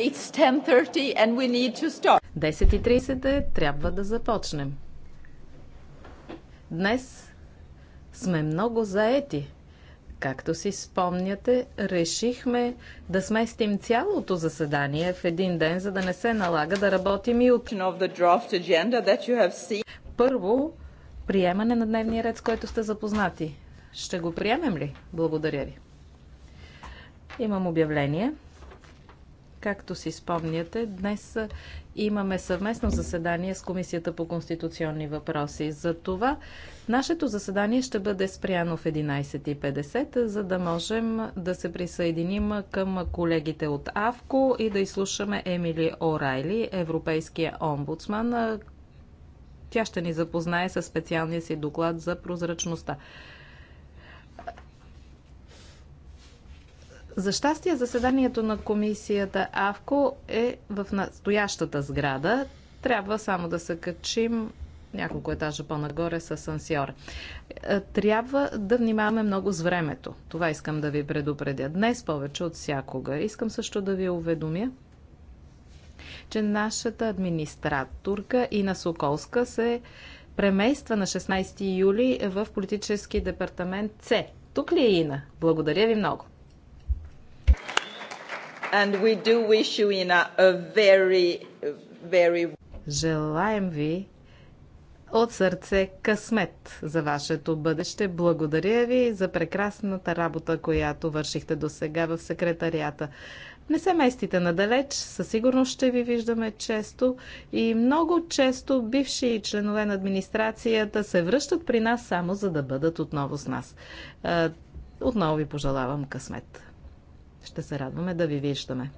It's 10.30 and we need to start. 10.30 е, трябва да започнем. Днес сме много заети. Както си спомняте, решихме да сместим цялото заседание в един ден, за да не се налага да работим и от... Първо, приемане на дневния ред, с който сте запознати. Ще го приемем ли? Благодаря ви. Имам обявление. Както си спомняте, днес имаме съвместно заседание с Комисията по конституционни въпроси. За това нашето заседание ще бъде спряно в 11.50, за да можем да се присъединим към колегите от АВКО и да изслушаме Емили Орайли, европейския омбудсман. Тя ще ни запознае със специалния си доклад за прозрачността. За щастие, заседанието на комисията АВКО е в настоящата сграда. Трябва само да се качим няколко етажа по-нагоре с асансьор. Е, трябва да внимаваме много с времето. Това искам да ви предупредя. Днес повече от всякога. Искам също да ви уведомя, че нашата администраторка Ина Соколска се премейства на 16 юли в политически департамент С. Тук ли е Ина? Благодаря ви много. And we do wish you in a, a very, very... Желаем ви от сърце късмет за вашето бъдеще. Благодаря ви за прекрасната работа, която вършихте до сега в секретарията. Не се местите надалеч, със сигурност ще ви виждаме често и много често бивши членове на администрацията се връщат при нас само за да бъдат отново с нас. Отново ви пожелавам късмет. Ще се радваме да ви виждаме.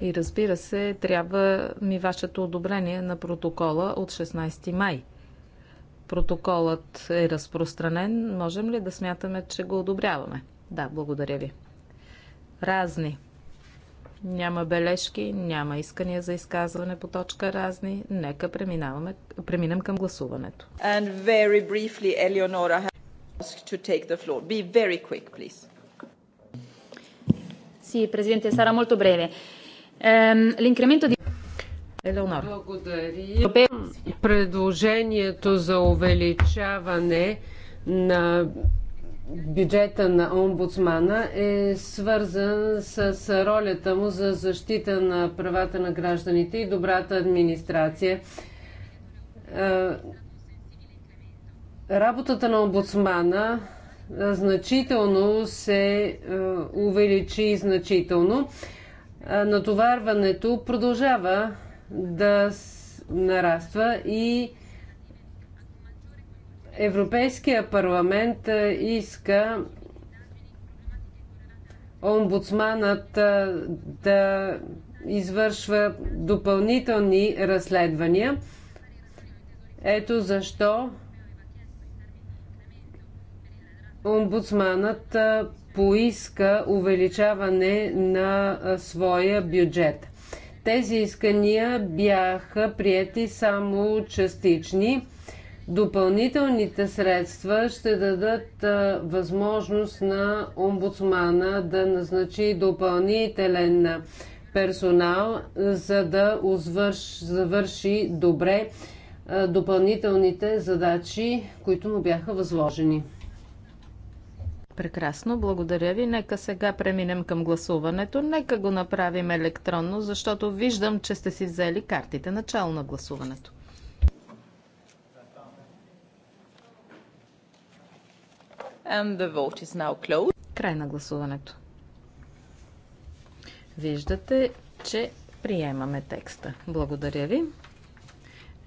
И разбира се, трябва ми вашето одобрение на протокола от 16 май. Протоколът е разпространен. Можем ли да смятаме, че го одобряваме? Да, благодаря ви. Разни. Няма бележки, няма искания за изказване по точка разни. Нека преминаваме, преминем към гласуването. And very briefly, Eleonora has to take the floor. Be very quick, please. Sì, Presidente, sarà molto breve. Ehm, l'incremento di... Елеонор. Благодаря. Предложението за увеличаване на бюджета на омбудсмана е свързан с ролята му за защита на правата на гражданите и добрата администрация. Е, работата на омбудсмана значително се увеличи значително. Натоварването продължава да нараства и Европейския парламент иска омбудсманът да извършва допълнителни разследвания. Ето защо омбудсманът поиска увеличаване на своя бюджет. Тези искания бяха прияти само частични. Допълнителните средства ще дадат възможност на омбудсмана да назначи допълнителен персонал, за да завърши добре допълнителните задачи, които му бяха възложени. Прекрасно, благодаря ви. Нека сега преминем към гласуването. Нека го направим електронно, защото виждам, че сте си взели картите. Начало на гласуването. And the vote is now closed. Край на гласуването. Виждате, че приемаме текста. Благодаря ви.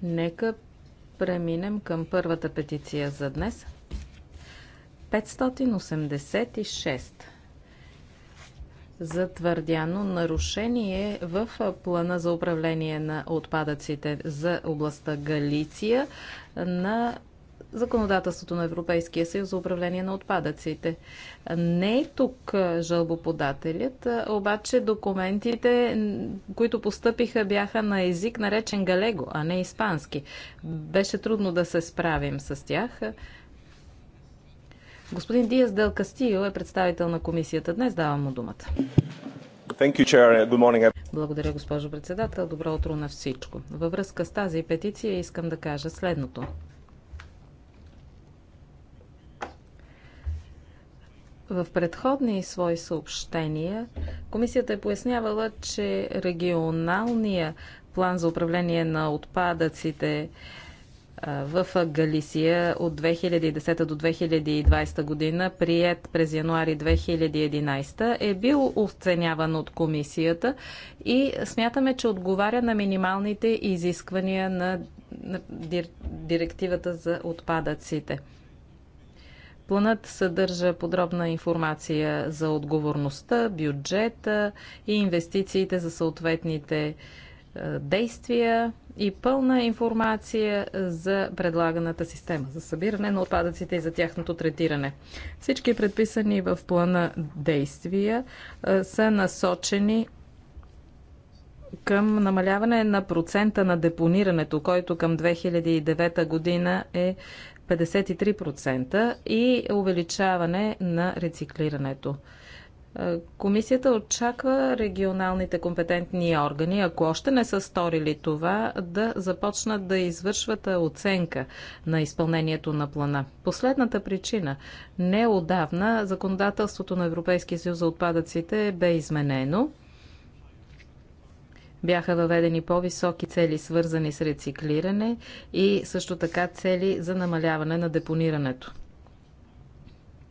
Нека преминем към първата петиция за днес – 586 затвърдяно нарушение в плана за управление на отпадъците за областта Галиция на законодателството на Европейския съюз за управление на отпадъците. Не е тук жалбоподателят, обаче документите, които постъпиха, бяха на език наречен галего, а не испански. Беше трудно да се справим с тях. Господин Диас Дел Кастио е представител на комисията. Днес давам му думата. You, Благодаря, госпожо председател. Добро утро на всичко. Във връзка с тази петиция искам да кажа следното. В предходни свои съобщения комисията е пояснявала, че регионалния план за управление на отпадъците в Галисия от 2010 до 2020 година, прият през януари 2011, е бил оценяван от комисията и смятаме, че отговаря на минималните изисквания на директивата за отпадъците. Планът съдържа подробна информация за отговорността, бюджета и инвестициите за съответните е, действия и пълна информация за предлаганата система, за събиране на отпадъците и за тяхното третиране. Всички предписани в плана действия е, са насочени към намаляване на процента на депонирането, който към 2009 година е 53% и увеличаване на рециклирането. Е, комисията очаква регионалните компетентни органи, ако още не са сторили това, да започнат да извършват е, оценка на изпълнението на плана. Последната причина. Неодавна законодателството на Европейския съюз за отпадъците бе изменено. Бяха въведени по-високи цели, свързани с рециклиране и също така цели за намаляване на депонирането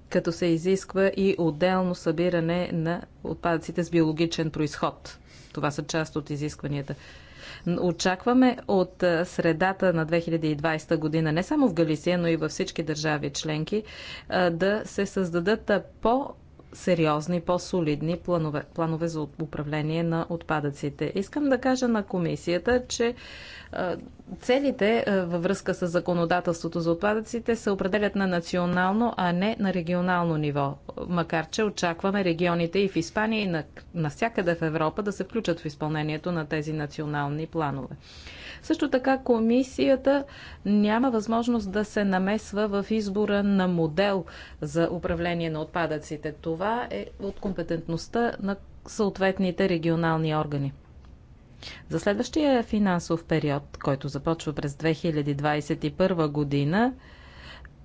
като се изисква и отделно събиране на отпадъците с биологичен происход. Това са част от изискванията. Очакваме от средата на 2020 година, не само в Галисия, но и във всички държави членки, да се създадат по сериозни по-солидни планове, планове за управление на отпадъците. Искам да кажа на комисията, че целите във връзка с законодателството за отпадъците се определят на национално, а не на регионално ниво. Макар, че очакваме регионите и в Испания и навсякъде в Европа да се включат в изпълнението на тези национални планове. Също така комисията няма възможност да се намесва в избора на модел за управление на отпадъците. Това е от компетентността на съответните регионални органи. За следващия финансов период, който започва през 2021 година,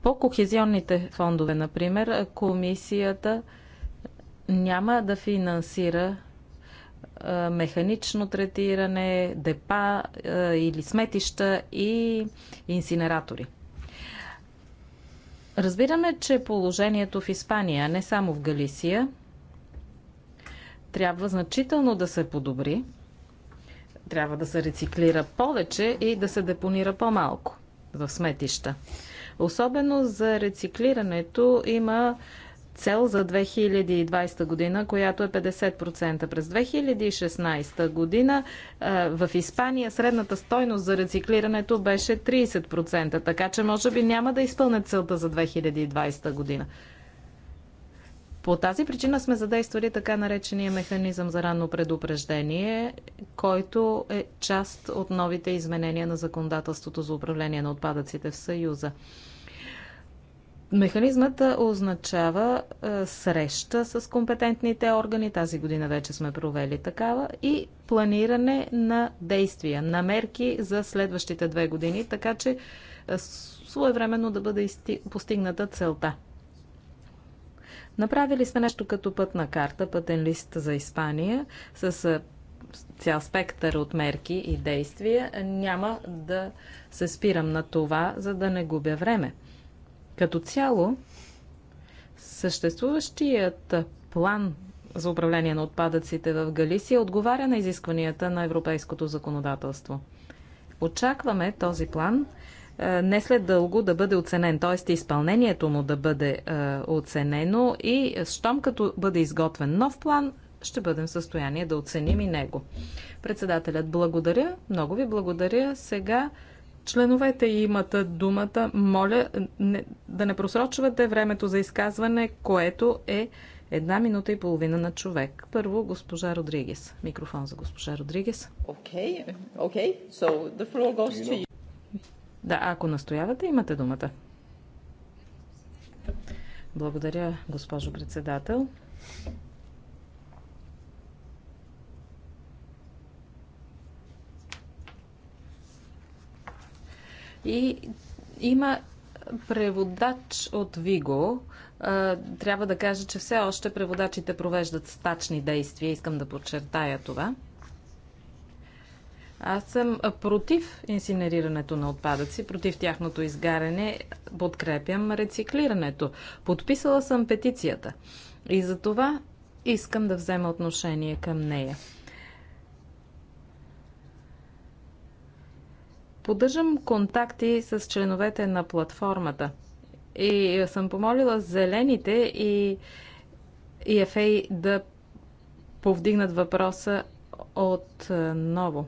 по кохезионните фондове, например, комисията няма да финансира механично третиране, депа или сметища и инсинератори. Разбираме, че положението в Испания, не само в Галисия, трябва значително да се подобри. Трябва да се рециклира повече и да се депонира по-малко в сметища. Особено за рециклирането има цел за 2020 година, която е 50%. През 2016 година в Испания средната стойност за рециклирането беше 30%, така че може би няма да изпълнят целта за 2020 година. По тази причина сме задействали така наречения механизъм за ранно предупреждение, който е част от новите изменения на законодателството за управление на отпадъците в Съюза. Механизмът означава среща с компетентните органи. Тази година вече сме провели такава и планиране на действия, на мерки за следващите две години, така че своевременно да бъде постигната целта. Направили сме нещо като пътна карта, пътен лист за Испания с цял спектър от мерки и действия. Няма да се спирам на това, за да не губя време. Като цяло, съществуващият план за управление на отпадъците в Галисия отговаря на изискванията на европейското законодателство. Очакваме този план е, не след дълго да бъде оценен, т.е. изпълнението му да бъде е, оценено и щом като бъде изготвен нов план, ще бъдем в състояние да оценим и него. Председателят, благодаря, много ви благодаря. Сега Членовете имат думата. Моля не, да не просрочвате времето за изказване, което е една минута и половина на човек. Първо, госпожа Родригес. Микрофон за госпожа Родригес. Okay, okay. So the floor goes to you. Да, ако настоявате, имате думата. Благодаря, госпожо председател. И има преводач от Виго. Трябва да кажа, че все още преводачите провеждат стачни действия. Искам да подчертая това. Аз съм против инсинерирането на отпадъци, против тяхното изгаряне. Подкрепям рециклирането. Подписала съм петицията. И за това искам да взема отношение към нея. Поддържам контакти с членовете на платформата и съм помолила зелените и ЕФА да повдигнат въпроса отново.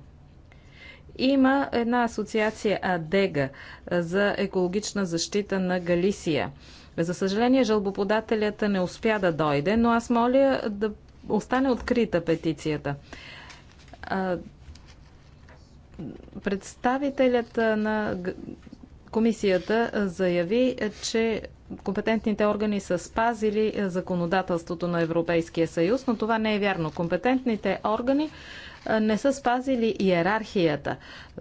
Е, Има една асоциация АДЕГА е, за екологична защита на Галисия. За съжаление, жалбоподателят не успя да дойде, но аз моля да остане открита петицията. Представителят на комисията заяви, че компетентните органи са спазили законодателството на Европейския съюз, но това не е вярно. Компетентните органи не са спазили иерархията.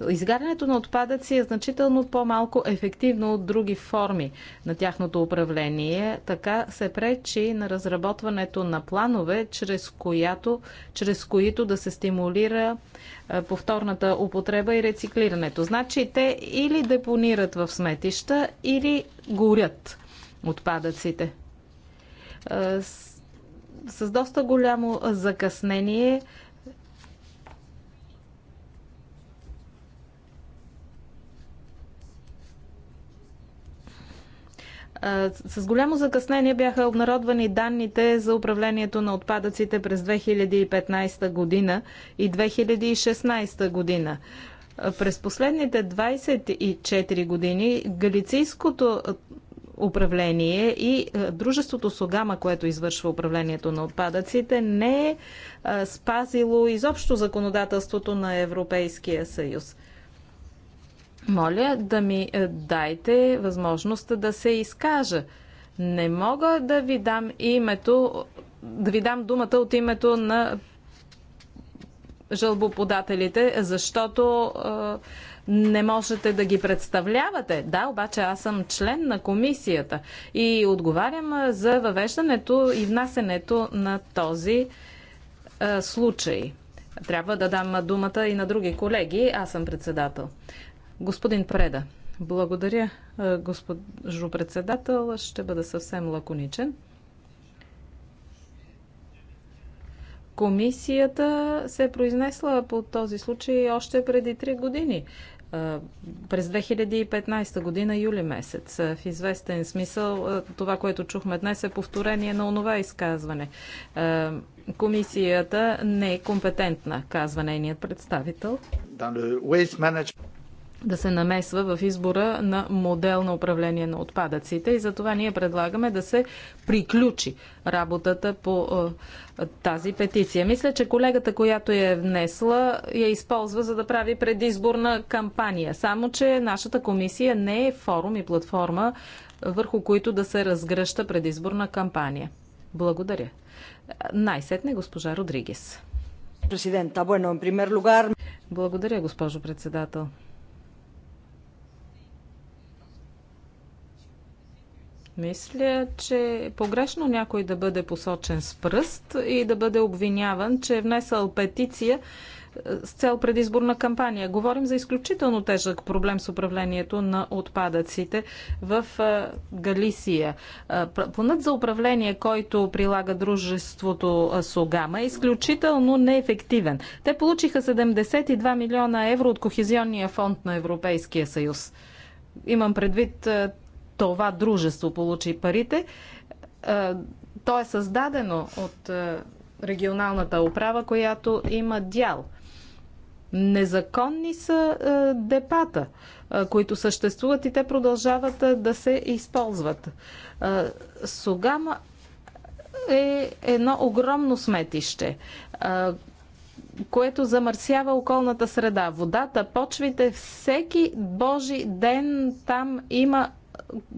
Изгарянето на отпадъци е значително по-малко ефективно от други форми на тяхното управление. Така се пречи на разработването на планове, чрез, която, чрез които да се стимулира е, повторната употреба и рециклирането. Значи те или депонират в сметища, или горят отпадъците. Е, с, с доста голямо закъснение С голямо закъснение бяха обнародвани данните за управлението на отпадъците през 2015 година и 2016 година. През последните 24 години Галицийското управление и дружеството Согама, което извършва управлението на отпадъците, не е спазило изобщо законодателството на Европейския съюз. Моля да ми е, дайте възможност да се изкажа. Не мога да ви дам името, да ви дам думата от името на жалбоподателите, защото е, не можете да ги представлявате. Да, обаче аз съм член на комисията и отговарям е, за въвеждането и внасенето на този е, случай. Трябва да дам думата и на други колеги. Аз съм председател. Господин Преда, благодаря, госпожо председател. Ще бъда съвсем лаконичен. Комисията се е произнесла по този случай още преди 3 години. През 2015 година, юли месец, в известен смисъл, това, което чухме днес е повторение на онова изказване. Комисията не е компетентна, казва нейният представител да се намесва в избора на модел на управление на отпадъците и затова ние предлагаме да се приключи работата по е, тази петиция. Мисля, че колегата, която я е внесла, я използва за да прави предизборна кампания. Само, че нашата комисия не е форум и платформа, върху които да се разгръща предизборна кампания. Благодаря. Най-сетне госпожа Родригес. Президента, bueno, en primer lugar... Благодаря, госпожо председател. Мисля, че е погрешно някой да бъде посочен с пръст и да бъде обвиняван, че е внесъл петиция е, с цел предизборна кампания. Говорим за изключително тежък проблем с управлението на отпадъците в е, Галисия. Е, планът за управление, който прилага дружеството Согама, е изключително неефективен. Те получиха 72 милиона евро от Кохезионния фонд на Европейския съюз. Имам предвид това дружество получи парите. Е, то е създадено от е, регионалната управа, която има дял. Незаконни са е, депата, които съществуват и те продължават да се използват. Сугама е едно огромно сметище, което замърсява околната среда. Водата, почвите, всеки божи ден там има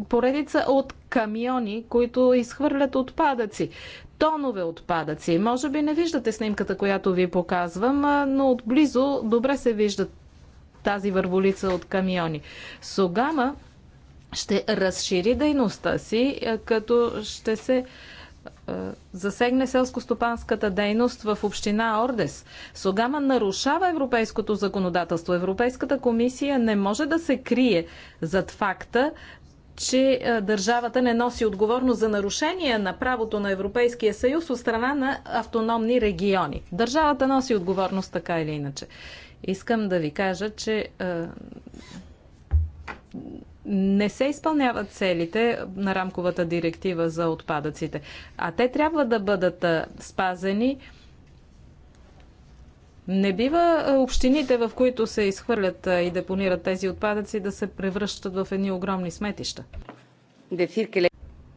поредица от камиони, които изхвърлят отпадъци. Тонове отпадъци. Може би не виждате снимката, която ви показвам, но отблизо добре се виждат тази върволица от камиони. Согама ще разшири дейността си, като ще се засегне селско-стопанската дейност в община Ордес. Согама нарушава европейското законодателство. Европейската комисия не може да се крие зад факта, че държавата не носи отговорност за нарушение на правото на Европейския съюз от страна на автономни региони. Държавата носи отговорност така или иначе. Искам да ви кажа, че не се изпълняват целите на рамковата директива за отпадъците, а те трябва да бъдат спазени не бива общините, в които се изхвърлят и депонират тези отпадъци, да се превръщат в едни огромни сметища.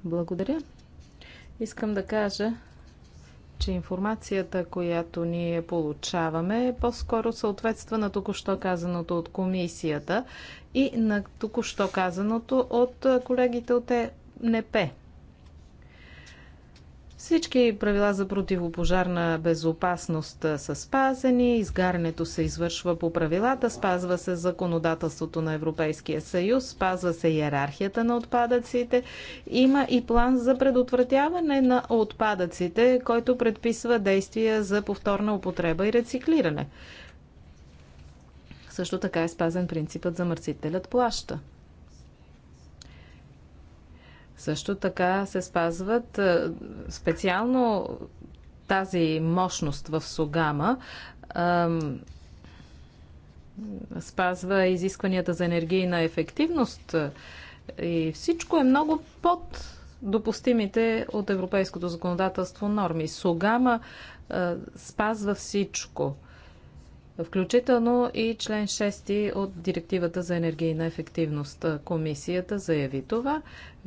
Благодаря. Искам да кажа, че информацията, която ние получаваме, по-скоро съответства на току-що казаното от комисията и на току-що казаното от колегите от ЕНП. Всички правила за противопожарна безопасност са спазени, изгарянето се извършва по правилата, спазва се законодателството на Европейския съюз, спазва се иерархията на отпадъците. Има и план за предотвратяване на отпадъците, който предписва действия за повторна употреба и рециклиране. Също така е спазен принципът за мърсителят плаща. Също така се спазват е, специално тази мощност в Согама спазва изискванията за енергийна ефективност е, и всичко е много под допустимите от европейското законодателство норми. Согама е, спазва всичко включително и член 6 от Директивата за енергийна ефективност. Комисията заяви това.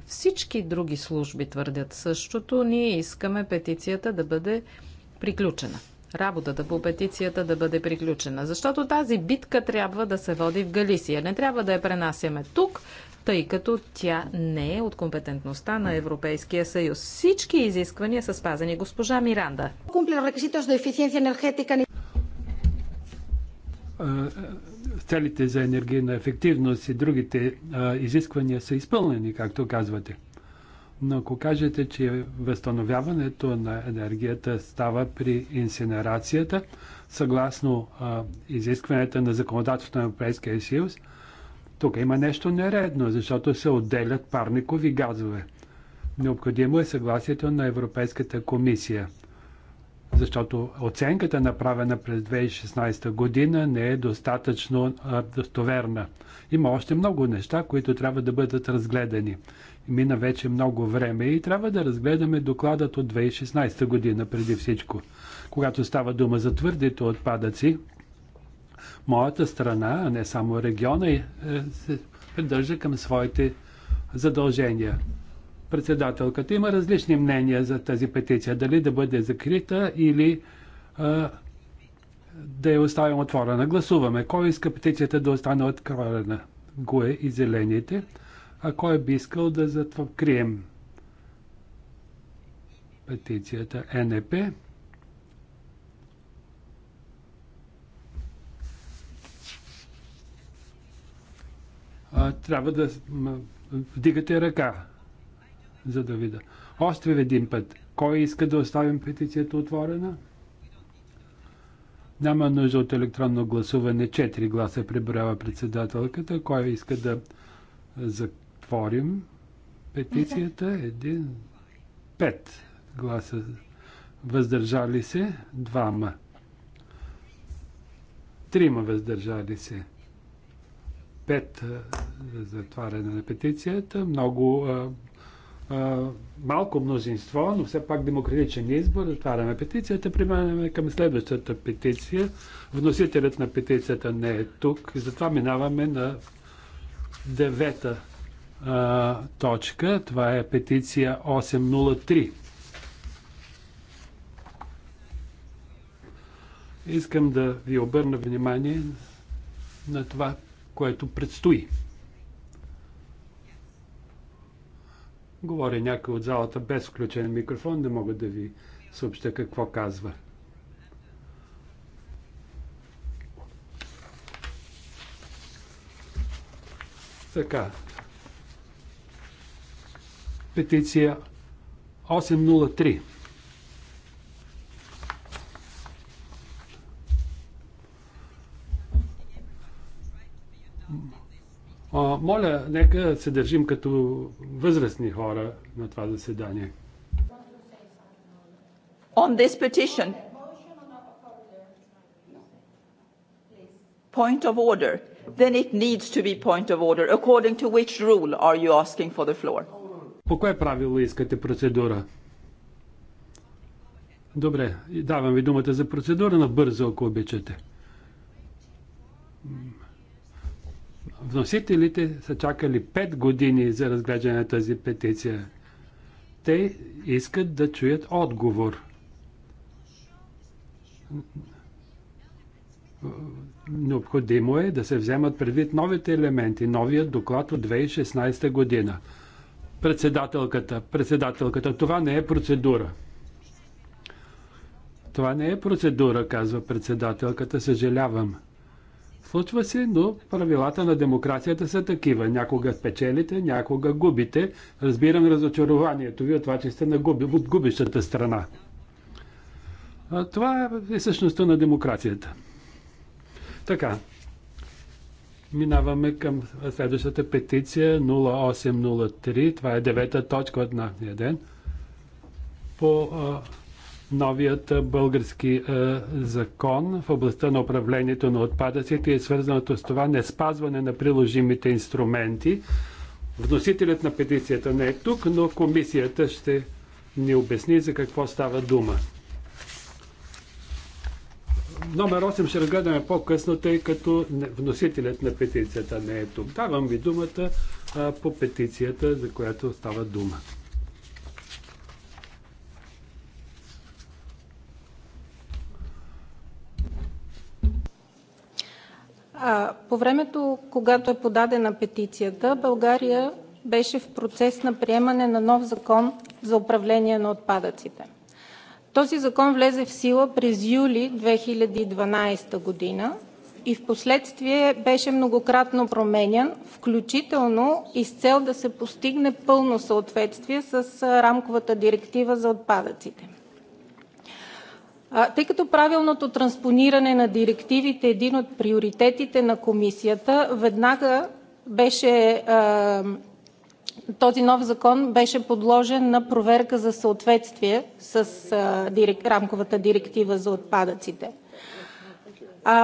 Всички други служби твърдят същото. Ние искаме петицията да бъде приключена. Работата по петицията да бъде приключена. Защото тази битка трябва да се води в Галисия. Не трябва да я пренасяме тук, тъй като тя не е от компетентността на Европейския съюз. Всички изисквания са спазени. Госпожа Миранда целите за енергийна ефективност и другите изисквания са изпълнени, както казвате. Но ако кажете, че възстановяването на енергията става при инсинерацията, съгласно а, изискванията на законодателството на Европейския съюз, тук има нещо нередно, защото се отделят парникови газове. Необходимо е съгласието на Европейската комисия защото оценката, направена през 2016 година, не е достатъчно достоверна. Има още много неща, които трябва да бъдат разгледани. Мина вече много време и трябва да разгледаме докладът от 2016 година преди всичко. Когато става дума за твърдите отпадъци, моята страна, а не само региона, е, е, се придържа към своите задължения председателката. Има различни мнения за тази петиция. Дали да бъде закрита или а, да я оставим отворена. Гласуваме. Кой иска петицията да остане отворена? Гуе и зелените. А кой би искал да затворим петицията? НЕП. трябва да вдигате ръка за да Остави Още един път. Кой иска да оставим петицията отворена? Няма нужда от електронно гласуване. Четири гласа преброява председателката. Кой иска да затворим петицията? Един. Пет гласа. Въздържали се? Двама. Трима въздържали се. Пет за затваряне на петицията. Много малко мнозинство, но все пак демократичен избор. Отваряме петицията, преминаваме към следващата петиция. Вносителят на петицията не е тук, и затова минаваме на девета а, точка. Това е петиция 803. Искам да ви обърна внимание на това, което предстои. Говори някой от залата без включен микрофон, не мога да ви съобща какво казва. Така. Петиция 803. А, Моля, нека се държим като възрастни хора на това заседание. On this petition. Point of order. Then it needs to be point of order. According to which rule are you asking for the floor? По кое правило искате процедура? Добре, давам ви думата за процедура, но бързо, ако обичате. Вносителите са чакали 5 години за разглеждане на тази петиция. Те искат да чуят отговор. Необходимо е да се вземат предвид новите елементи, новият доклад от 2016 година. Председателката, председателката, това не е процедура. Това не е процедура, казва председателката, съжалявам. Случва се, но правилата на демокрацията са такива. Някога спечелите, някога губите. Разбирам разочарованието ви от това, че сте на губи, от губищата страна. А, това е същността на демокрацията. Така. Минаваме към следващата петиция 0803. Това е девета точка от нашия ден. По а, Новият български е, закон в областта на управлението на отпадъците и е свързаното с това не спазване на приложимите инструменти. Вносителят на петицията не е тук, но комисията ще ни обясни за какво става дума. Номер 8 ще разгледаме по-късно, тъй като вносителят на петицията не е тук. Давам ви думата а, по петицията, за която става дума. По времето, когато е подадена петицията, България беше в процес на приемане на нов Закон за управление на отпадъците. Този закон влезе в сила през юли 2012 г. и впоследствие беше многократно променян, включително и с цел да се постигне пълно съответствие с Рамковата директива за отпадъците. Тъй като правилното транспониране на директивите е един от приоритетите на Комисията, веднага този нов закон беше подложен на проверка за съответствие с Рамковата директива за отпадъците.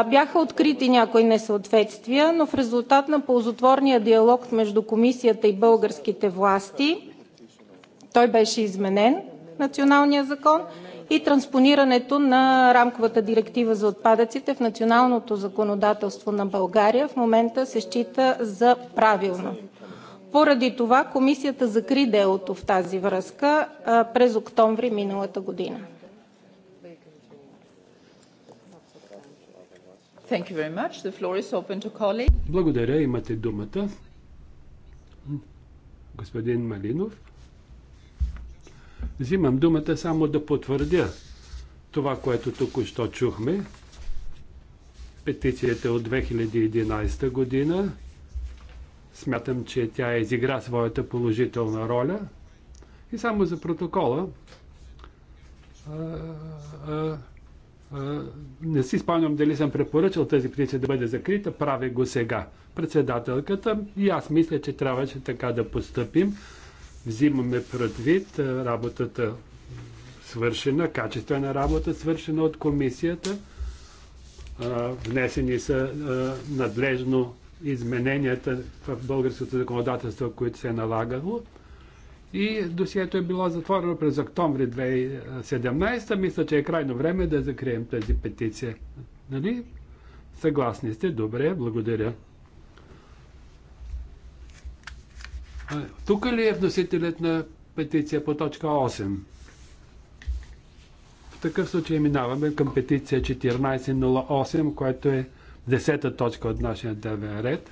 Бяха открити някои несъответствия, но в резултат на ползотворния диалог между Комисията и българските власти той беше изменен Националният закон и транспонирането на Рамковата директива за отпадъците в националното законодателство на България в момента се счита за правилно. Поради това Комисията закри делото в тази връзка през октомври миналата година. Благодаря, имате думата. Господин Малинов. Взимам думата само да потвърдя това, което току-що чухме. Петицията от 2011 година. Смятам, че тя изигра своята положителна роля. И само за протокола. А, а, а, не си спомням дали съм препоръчал тази петиция да бъде закрита. Правя го сега. Председателката и аз мисля, че трябваше така да постъпим взимаме предвид работата свършена, качествена работа свършена от комисията. Внесени са надлежно измененията в българското законодателство, които се е налагало. И досието е било затворено през октомври 2017. Мисля, че е крайно време да закрием тази петиция. Нали? Съгласни сте? Добре, благодаря. Тук ли е вносителят на петиция по точка 8? В такъв случай минаваме към петиция 1408, която е 10-та точка от нашия дневен ред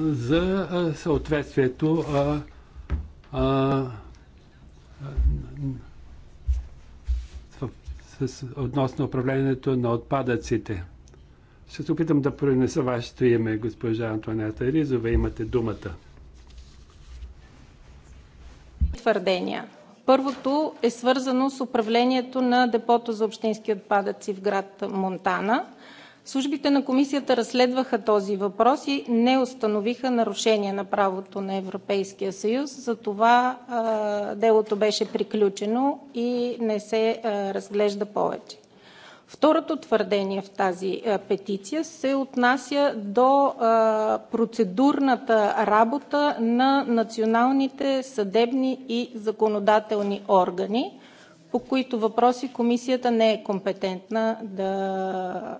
за съответствието а, а, а, с, относно управлението на отпадъците. Ще се опитам да пренеса вашето име, госпожа Антонета Ризова. Имате думата. Твърдения. Първото е свързано с управлението на депото за общински отпадъци в град Монтана. Службите на комисията разследваха този въпрос и не установиха нарушение на правото на Европейския съюз. Затова делото беше приключено и не се а, разглежда повече. Второто твърдение в тази е, петиция се отнася до е, процедурната работа на националните съдебни и законодателни органи, по които въпроси Комисията не е компетентна да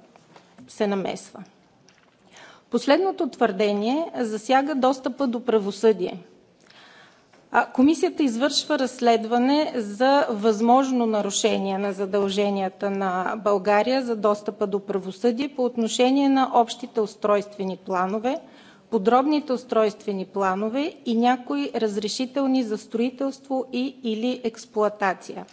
се намесва. Последното твърдение засяга достъпа до правосъдие. Комисията извършва разследване за възможно нарушение на задълженията на България за достъпа до правосъдие по отношение на общите устройствени планове, подробните устройствени планове и някои разрешителни за строителство и/или експлоатация.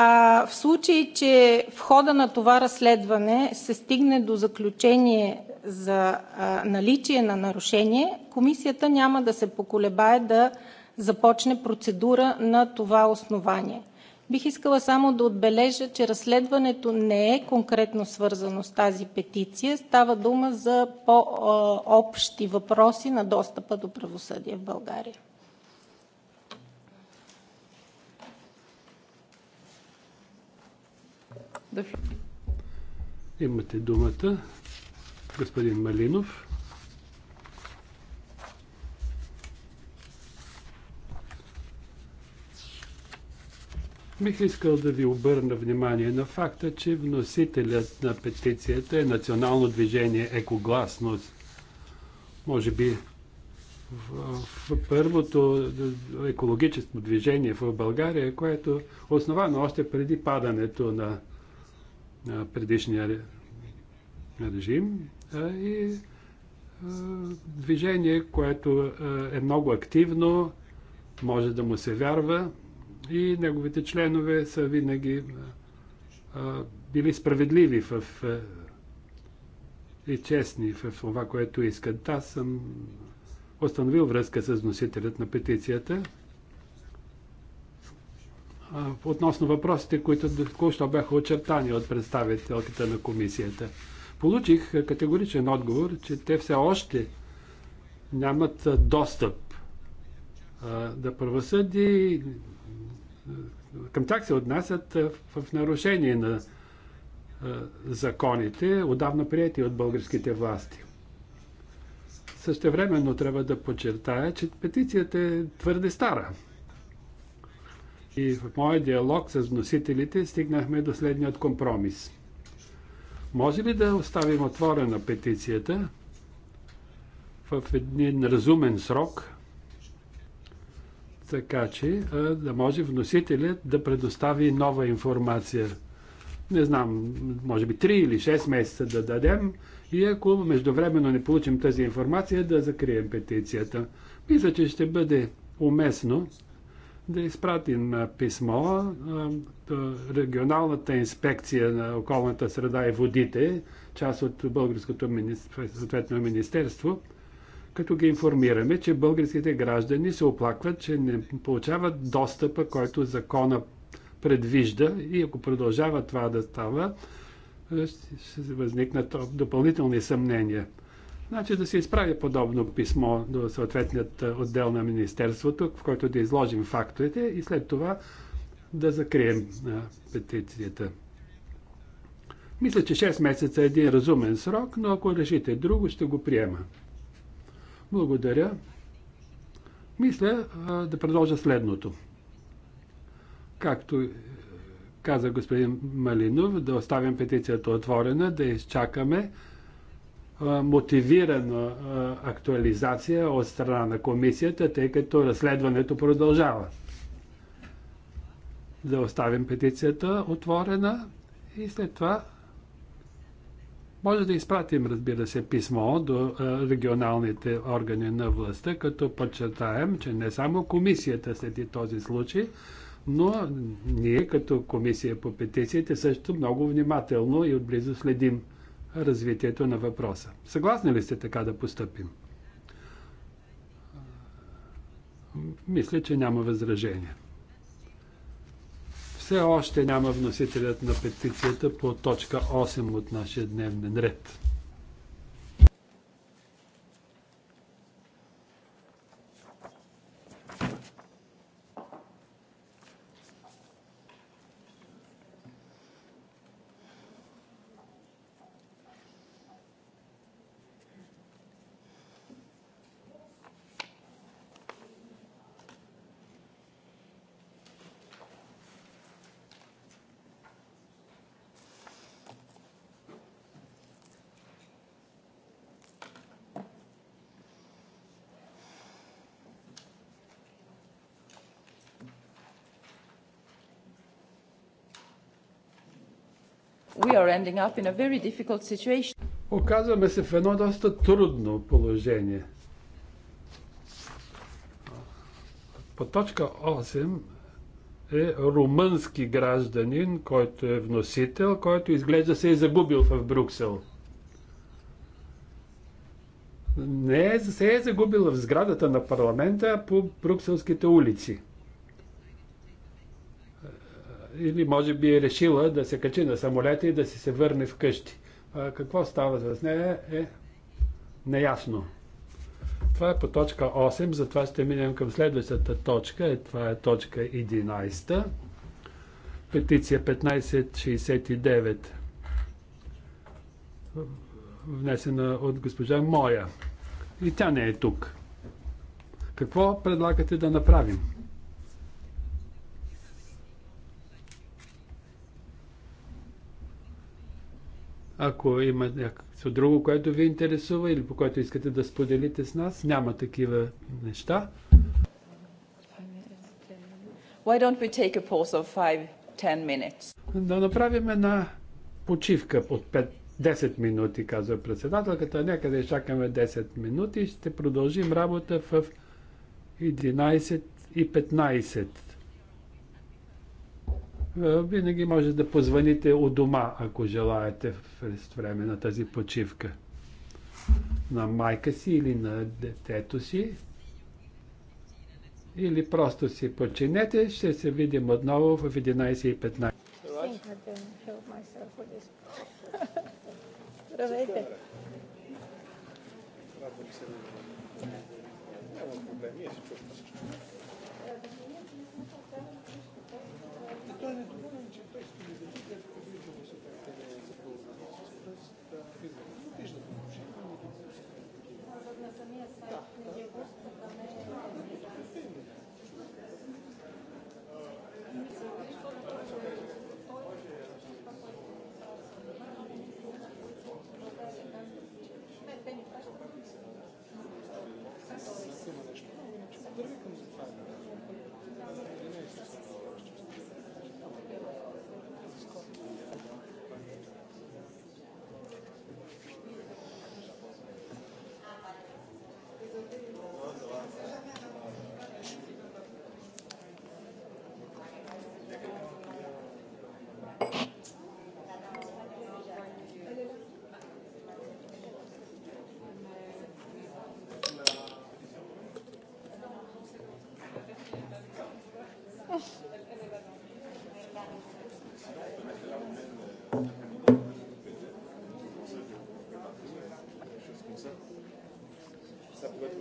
А, в случай, че в хода на това разследване се стигне до заключение за а, наличие на нарушение, комисията няма да се поколебае да започне процедура на това основание. Бих искала само да отбележа, че разследването не е конкретно свързано с тази петиция. Става дума за по-общи въпроси на достъпа до правосъдие в България. Имате думата, господин Малинов. Бих искал да ви обърна внимание на факта, че вносителят на петицията е Национално движение Екогласност. Може би в, в първото екологическо движение в България, което е основано още преди падането на предишния режим и движение, което е много активно, може да му се вярва и неговите членове са винаги били справедливи в и честни в това, което искат. Аз съм установил връзка с носителят на петицията относно въпросите, които току-що бяха очертани от представителката на комисията. Получих категоричен отговор, че те все още нямат достъп да правосъди. Към тях се отнасят в нарушение на законите, отдавна прияти от българските власти. Същевременно трябва да подчертая, че петицията е твърде стара – и в моя диалог с вносителите стигнахме до следният компромис. Може ли да оставим отворена петицията в един разумен срок, така че да може вносителят да предостави нова информация? Не знам, може би 3 или 6 месеца да дадем и ако междувременно не получим тази информация, да закрием петицията. Мисля, че ще бъде уместно да изпратим писмо до регионалната инспекция на околната среда и водите, част от Българското съответно министерство, като ги информираме, че българските граждани се оплакват, че не получават достъпа, който закона предвижда и ако продължава това да става, ще възникнат допълнителни съмнения. Значи да се изправи подобно писмо до съответният е, отдел на Министерството, в който да изложим фактовете и след това да закрием е, петицията. Мисля, че 6 месеца е един разумен срок, но ако решите друго, ще го приема. Благодаря. Мисля е, да продължа следното. Както каза господин Малинов, да оставим петицията отворена, да изчакаме мотивирана актуализация от страна на комисията, тъй като разследването продължава. Да оставим петицията отворена и след това може да изпратим, разбира се, писмо до регионалните органи на властта, като подчертаем, че не само комисията следи този случай, но ние като комисия по петициите също много внимателно и отблизо следим развитието на въпроса. Съгласни ли сте така да постъпим? Мисля, че няма възражение. Все още няма вносителят на петицията по точка 8 от нашия дневен ред. we are ending up in a very difficult situation. Оказваме се в едно доста трудно положение. По точка 8 е румънски гражданин, който е вносител, който изглежда се е загубил в Брюксел. Не е, се е загубил в сградата на парламента по брюкселските улици или може би е решила да се качи на самолета и да си се върне вкъщи. А, какво става с нея е неясно. Това е по точка 8, затова ще минем към следващата точка. Е, това е точка 11. Петиция 1569. Внесена от госпожа Моя. И тя не е тук. Какво предлагате да направим? Ако има някакво друго, което ви интересува или по което искате да споделите с нас, няма такива неща. Why don't we take a pause of five, minutes? Да направим една почивка от 5 10 минути, казва председателката. Нека да изчакаме 10 минути. Ще продължим работа в 11 и 15. Е, винаги може да позвоните у дома, ако желаете, през време на тази почивка. На майка си или на детето си. Или просто си починете. Ще се видим отново в 11.15. Здравейте! Няма проблем, ние се чувстваме. Е, той не доволен, че той ще ми даде, като виждаме се как те не е запълнено. Тоест,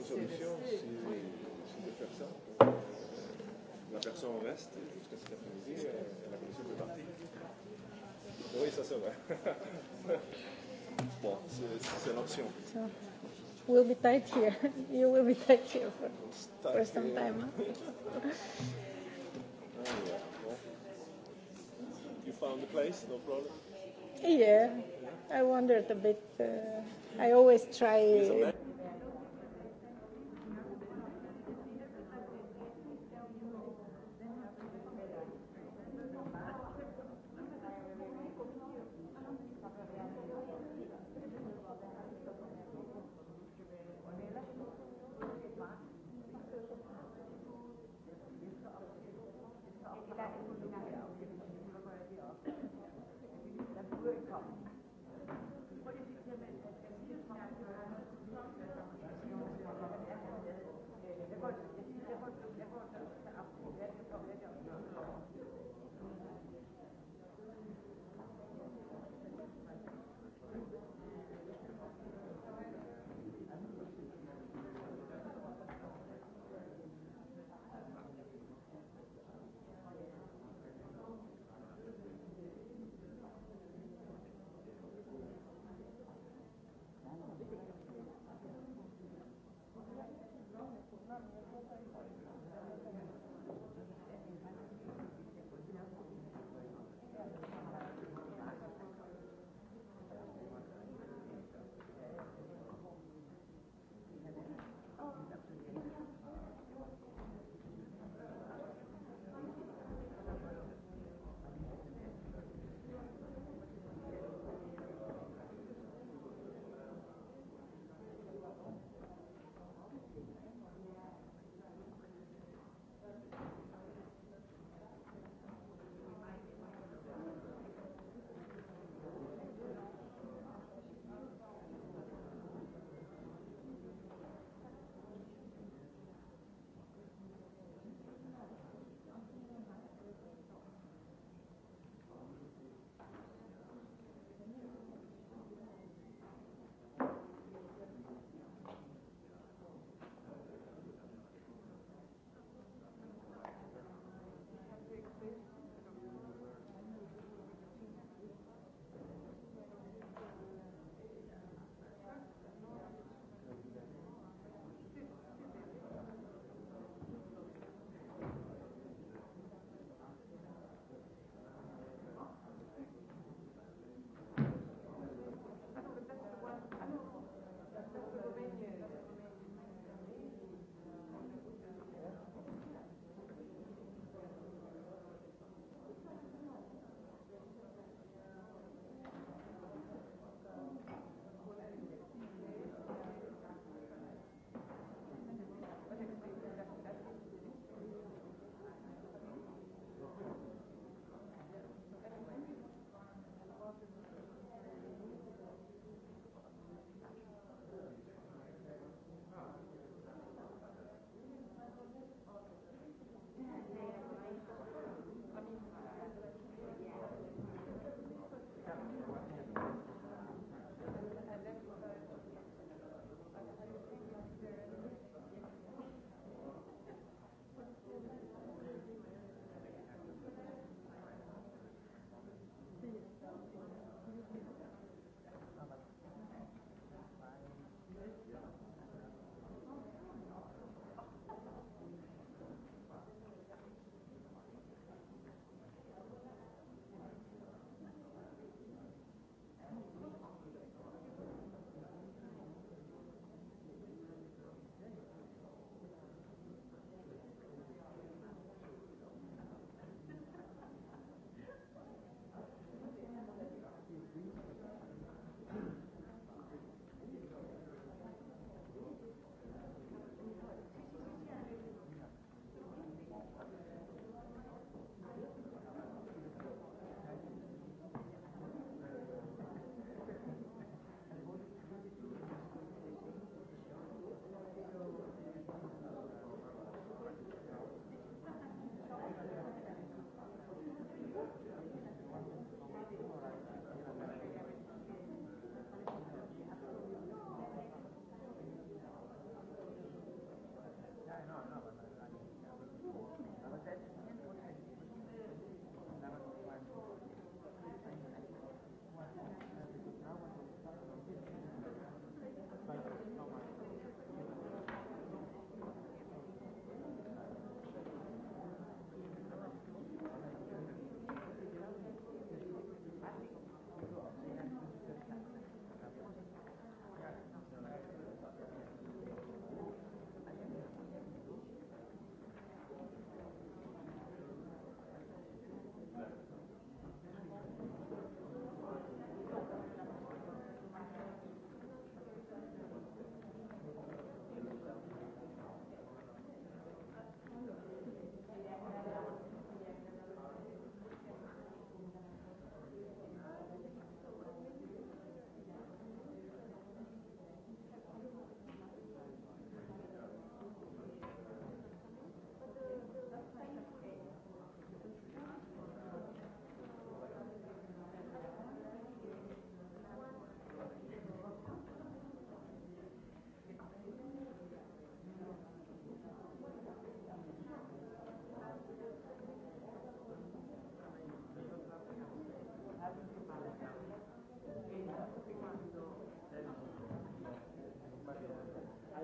solution, La personne reste jusqu'à cet après-midi et la commission peut partir. Oui, ça, c'est vrai. bon, c'est So, we'll be tight here. You will be tight here for, for some time. oh, yeah. you found the place, no problem? Yeah, I wondered a bit. Uh, I always try.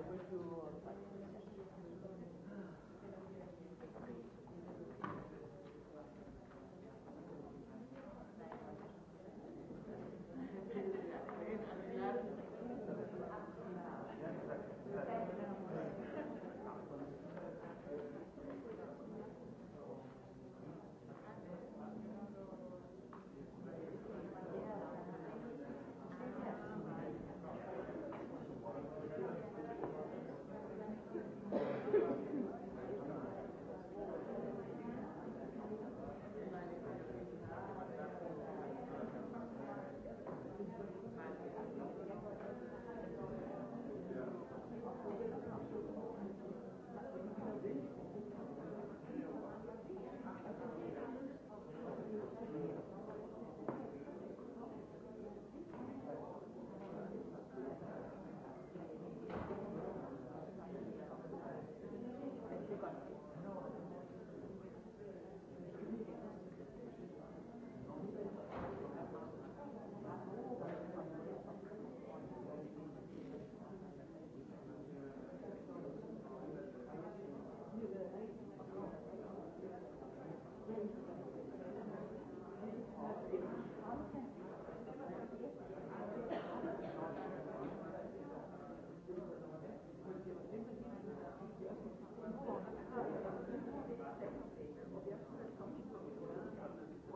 going to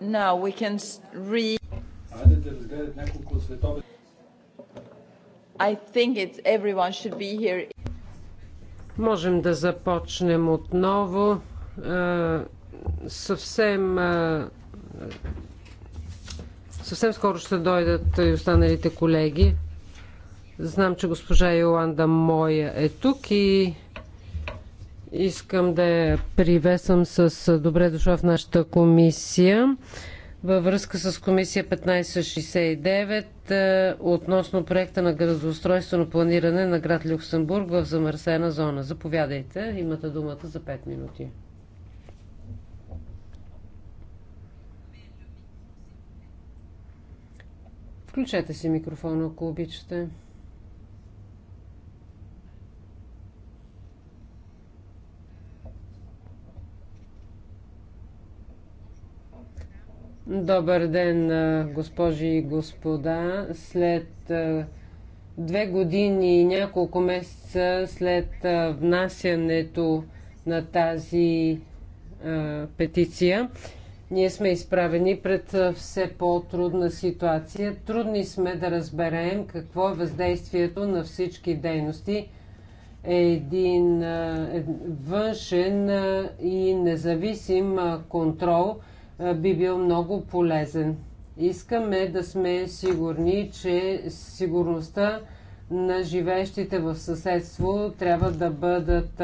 Now we can read. I think it's everyone should be here. Можем да започнем отново. Е, съвсем е, съвсем скоро ще дойдат и останалите колеги. Знам, че госпожа Йоланда Моя е тук и Искам да я привесам с добре дошла в нашата комисия във връзка с комисия 1569 относно проекта на градоустройствено планиране на град Люксембург в замърсена зона. Заповядайте, имате думата за 5 минути. Включете си микрофона, ако обичате. Добър ден, госпожи и господа. След две години и няколко месеца след внасянето на тази петиция, ние сме изправени пред все по-трудна ситуация. Трудни сме да разберем какво е въздействието на всички дейности. Един е, външен и независим контрол – би бил много полезен. Искаме да сме сигурни, че сигурността на живеещите в съседство трябва да бъдат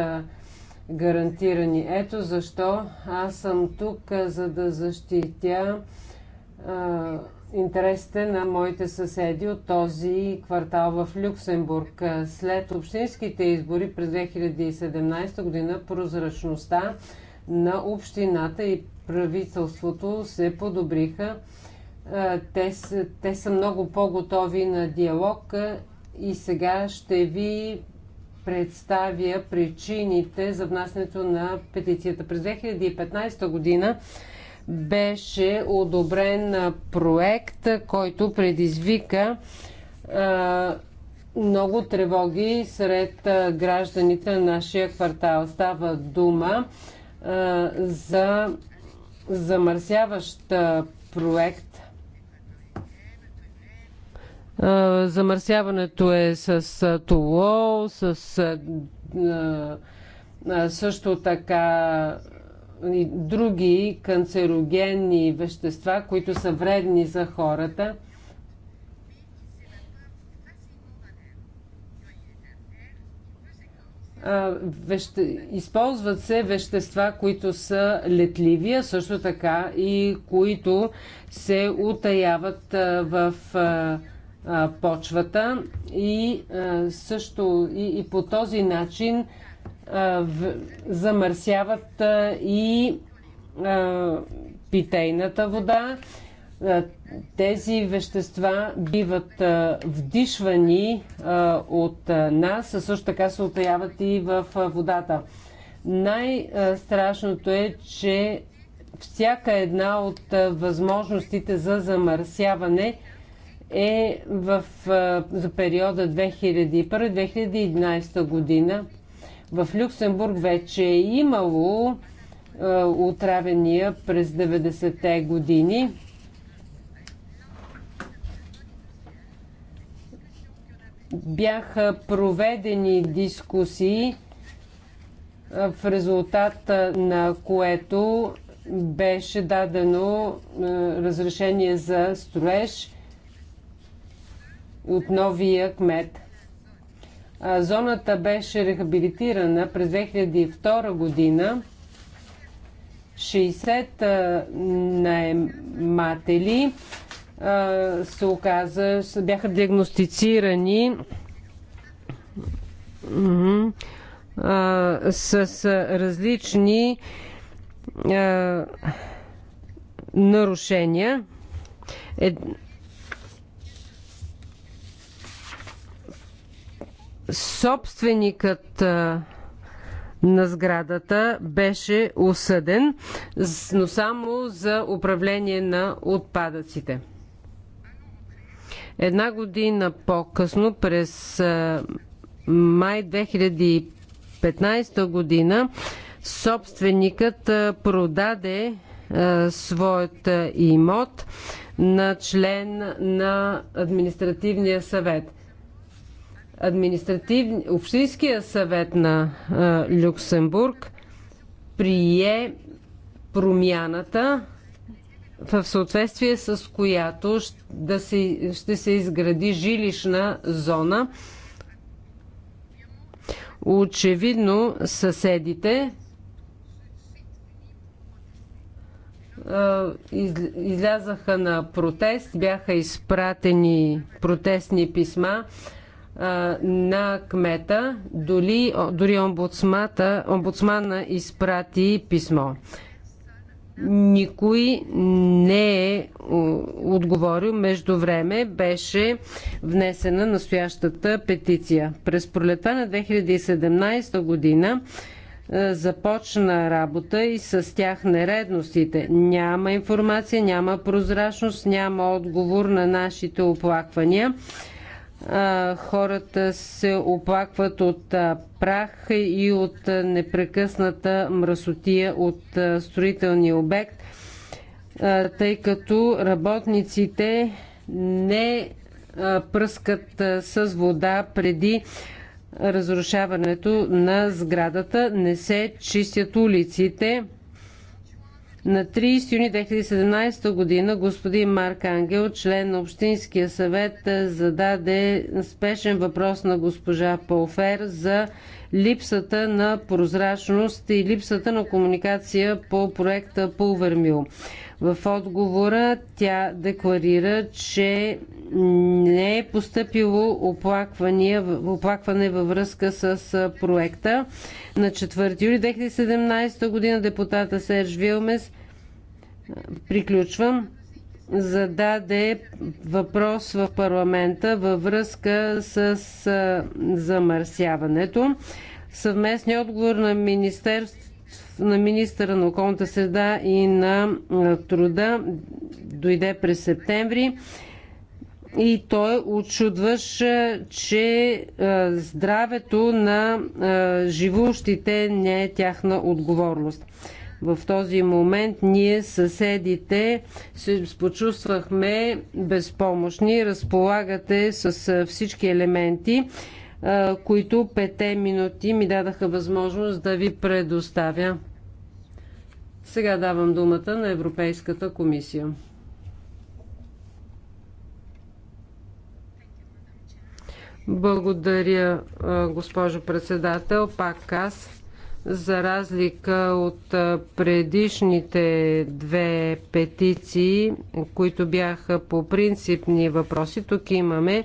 гарантирани. Ето защо аз съм тук, за да защитя интересите на моите съседи от този квартал в Люксембург. След общинските избори през 2017 година прозрачността на общината и правителството се подобриха. Те, те са много по-готови на диалог и сега ще ви представя причините за внасянето на петицията. През 2015 година беше одобрен проект, който предизвика много тревоги сред гражданите на нашия квартал. Става дума за замърсяващ проект. Замърсяването е с толо, с също така и други канцерогенни вещества, които са вредни за хората – Веще... Използват се вещества, които са летливи, а също така и които се утаяват в почвата и също и, и по този начин замърсяват и питейната вода е, тези вещества биват е, вдишвани е, от нас, а също така се отаяват и в водата. Най-страшното е, че всяка една от възможностите за замърсяване е в, за периода 2001-2011 година. В Люксембург вече е имало отравения през 90-те години бяха проведени дискусии, в резултат на което беше дадено разрешение за строеж от новия кмет. Зоната беше рехабилитирана през 2002 година. 60 наематели се оказа, бяха диагностицирани с различни нарушения. Е... Собственикът на сградата беше осъден, но само за управление на отпадъците. Една година по-късно, през май 2015 година, собственикът продаде своят имот на член на административния съвет. Административ... Общинския съвет на а, Люксембург прие промяната в съответствие с която да се, ще се изгради жилищна зона. Очевидно съседите излязаха на протест, бяха изпратени протестни писма на кмета, дори, дори омбудсмата, омбудсмана изпрати писмо никой не е отговорил. Между време беше внесена настоящата петиция. През пролета на 2017 година е, започна работа и с тях нередностите. Няма информация, няма прозрачност, няма отговор на нашите оплаквания хората се оплакват от прах и от непрекъсната мръсотия от строителния обект, тъй като работниците не пръскат с вода преди разрушаването на сградата, не се чистят улиците. На 30 юни 2017 година господин Марк Ангел, член на Общинския съвет, е, зададе спешен въпрос на госпожа Полфер за липсата на прозрачност и липсата на комуникация по проекта Пулвермил. В отговора тя декларира, че не е поступило оплакване във връзка с проекта. На 4 юли 2017 година депутата Серж Вилмес приключвам зададе въпрос в парламента във връзка с замърсяването. Съвместният отговор на Министерството на министъра на околната среда и на труда дойде през септември и той очудваш, че здравето на живущите не е тяхна отговорност. В този момент ние съседите се почувствахме безпомощни. Разполагате с всички елементи, които пете минути ми дадаха възможност да ви предоставя. Сега давам думата на Европейската комисия. Благодаря, госпожо председател. Пак аз, за разлика от предишните две петиции, които бяха по принципни въпроси, тук имаме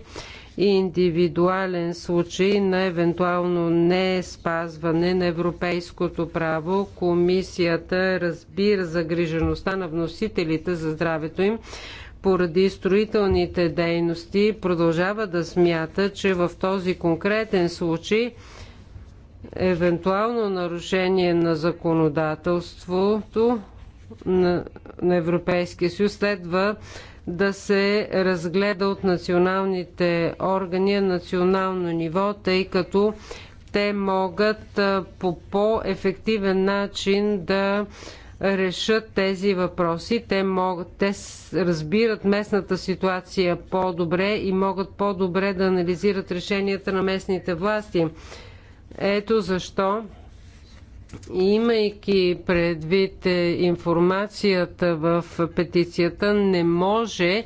индивидуален случай на евентуално не спазване на европейското право. Комисията разбира загрижеността на вносителите за здравето им поради строителните дейности. Продължава да смята, че в този конкретен случай евентуално нарушение на законодателството на, Европейския съюз следва да се разгледа от националните органи на национално ниво, тъй като те могат по по-ефективен начин да решат тези въпроси. Те, могат, те разбират местната ситуация по-добре и могат по-добре да анализират решенията на местните власти. Ето защо Имайки предвид е, информацията в петицията, не може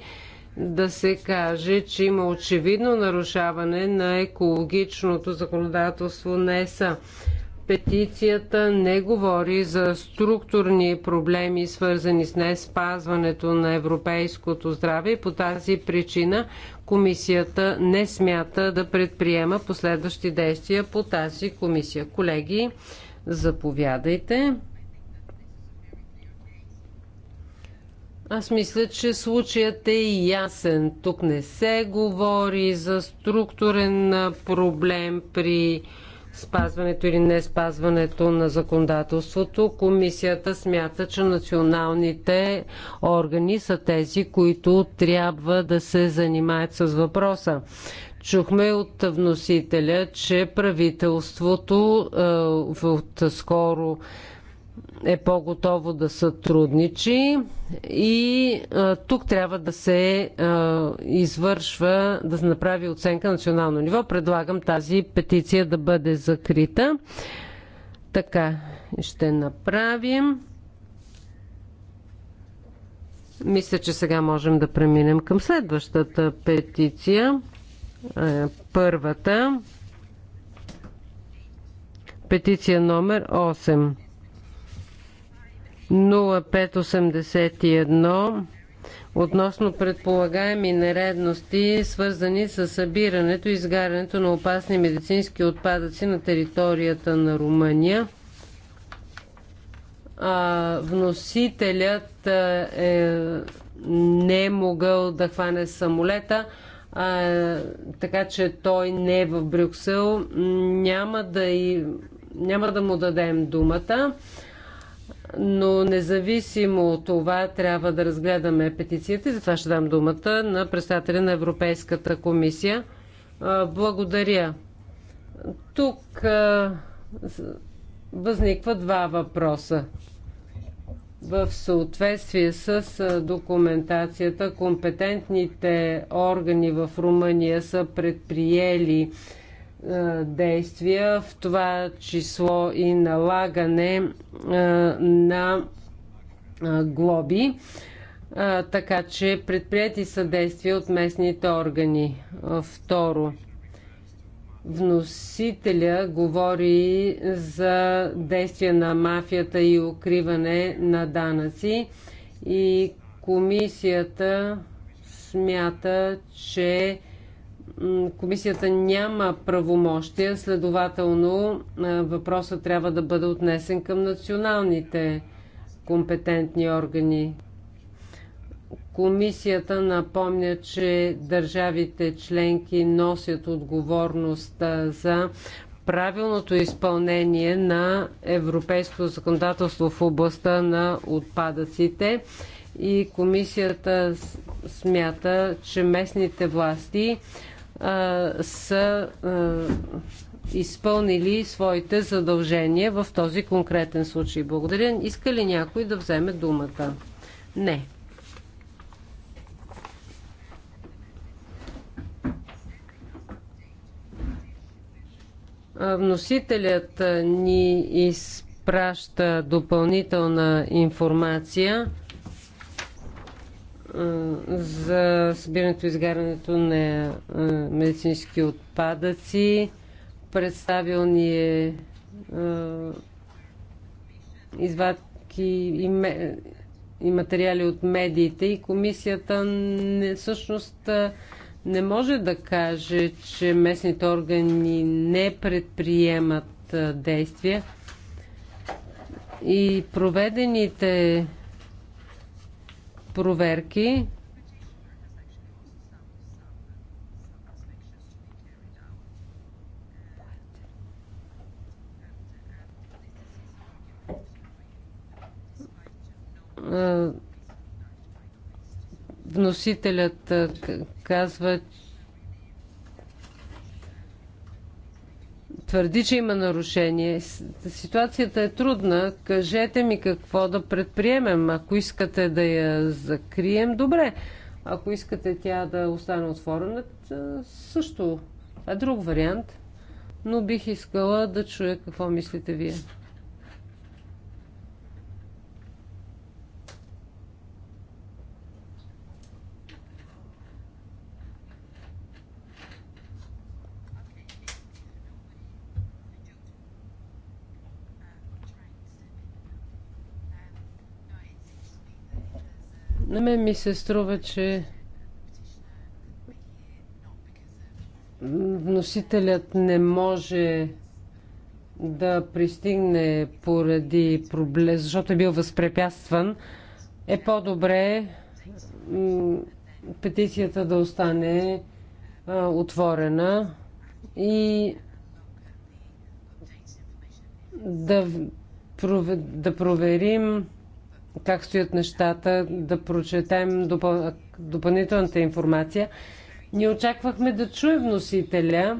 да се каже, че има очевидно нарушаване на екологичното законодателство на ЕСА. Петицията не говори за структурни проблеми, свързани с неспазването на европейското здраве и по тази причина комисията не смята да предприема последващи действия по тази комисия. Колеги, Заповядайте. Аз мисля, че случаят е ясен. Тук не се говори за структурен проблем при спазването или не спазването на законодателството. Комисията смята, че националните органи са тези, които трябва да се занимаят с въпроса. Чухме от вносителя, че правителството е, от скоро е по-готово да сътрудничи и а, е, тук трябва да се а, е, извършва, да се направи оценка на национално ниво. Предлагам тази петиция да бъде закрита. Така ще направим. Мисля, че сега можем да преминем към следващата петиция. Е, първата. Петиция номер 8. 0581 относно предполагаеми нередности, свързани с събирането и изгарянето на опасни медицински отпадъци на територията на Румъния. А, вносителят е, не е могъл да хване самолета а, така че той не е в Брюксел. Няма да, и, няма да му дадем думата. Но независимо от това, трябва да разгледаме петицията и затова ще дам думата на представителя на Европейската комисия. Благодаря. Тук възникват два въпроса в съответствие с документацията, компетентните органи в Румъния са предприели действия, в това число и налагане на глоби. Така че предприяти са действия от местните органи. Второ, Вносителя говори за действия на мафията и укриване на данъци и комисията смята, че комисията няма правомощия, следователно въпросът трябва да бъде отнесен към националните компетентни органи. Комисията напомня, че държавите членки носят отговорност за правилното изпълнение на европейското законодателство в областта на отпадъците и комисията смята, че местните власти а, са а, изпълнили своите задължения в този конкретен случай. Благодаря. Иска ли някой да вземе думата? Не. Вносителят ни изпраща допълнителна информация за събирането и изгарянето на медицински отпадъци. Представил ни е извадки и, ме, и материали от медиите и комисията не, всъщност не може да каже, че местните органи не предприемат действия и проведените проверки uh Вносителят казва, твърди, че има нарушение. Ситуацията е трудна. Кажете ми какво да предприемем. Ако искате да я закрием, добре. Ако искате тя да остане отворена, също. е друг вариант. Но бих искала да чуя какво мислите вие. На мен ми се струва, че вносителят не може да пристигне поради проблем, защото е бил възпрепятстван, е по-добре петицията да остане а, отворена и да, да проверим как стоят нещата, да прочетем допъл... допълнителната информация. Ние очаквахме да чуем вносителя,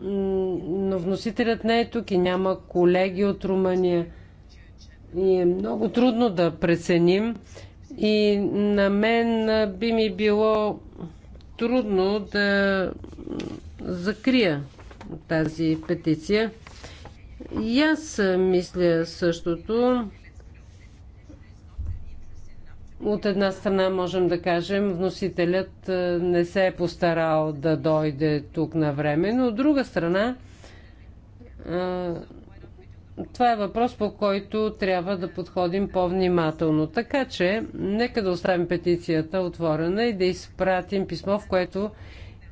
но вносителят не е тук и няма колеги от Румъния. И е много трудно да преценим. И на мен би ми било трудно да закрия тази петиция. И аз мисля същото. От една страна можем да кажем, вносителят е, не се е постарал да дойде тук на време, но от друга страна е, това е въпрос, по който трябва да подходим по-внимателно. Така че, нека да оставим петицията отворена и да изпратим писмо, в което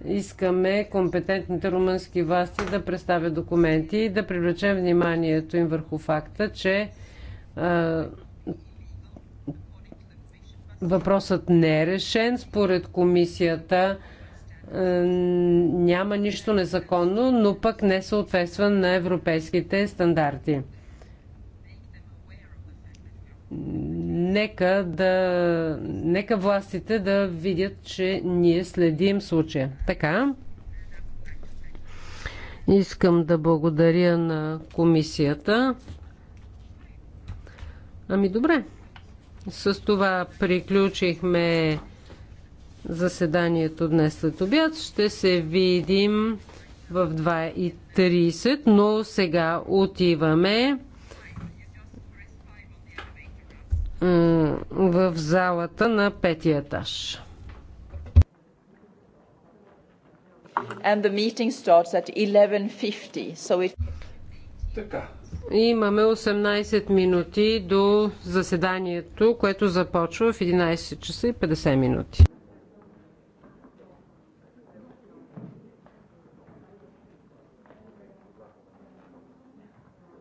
искаме компетентните румънски власти да представят документи и да привлечем вниманието им върху факта, че а, е, въпросът не е решен. Според комисията е, няма нищо незаконно, но пък не съответства на европейските стандарти. Нека, да, нека властите да видят, че ние следим случая. Така. Искам да благодаря на комисията. Ами добре. С това приключихме заседанието днес след обяд. Ще се видим в 2.30, но сега отиваме в залата на петия етаж. And the meeting starts at 11.50. So it... Така. Имаме 18 минути до заседанието, което започва в 11 часа и 50 минути.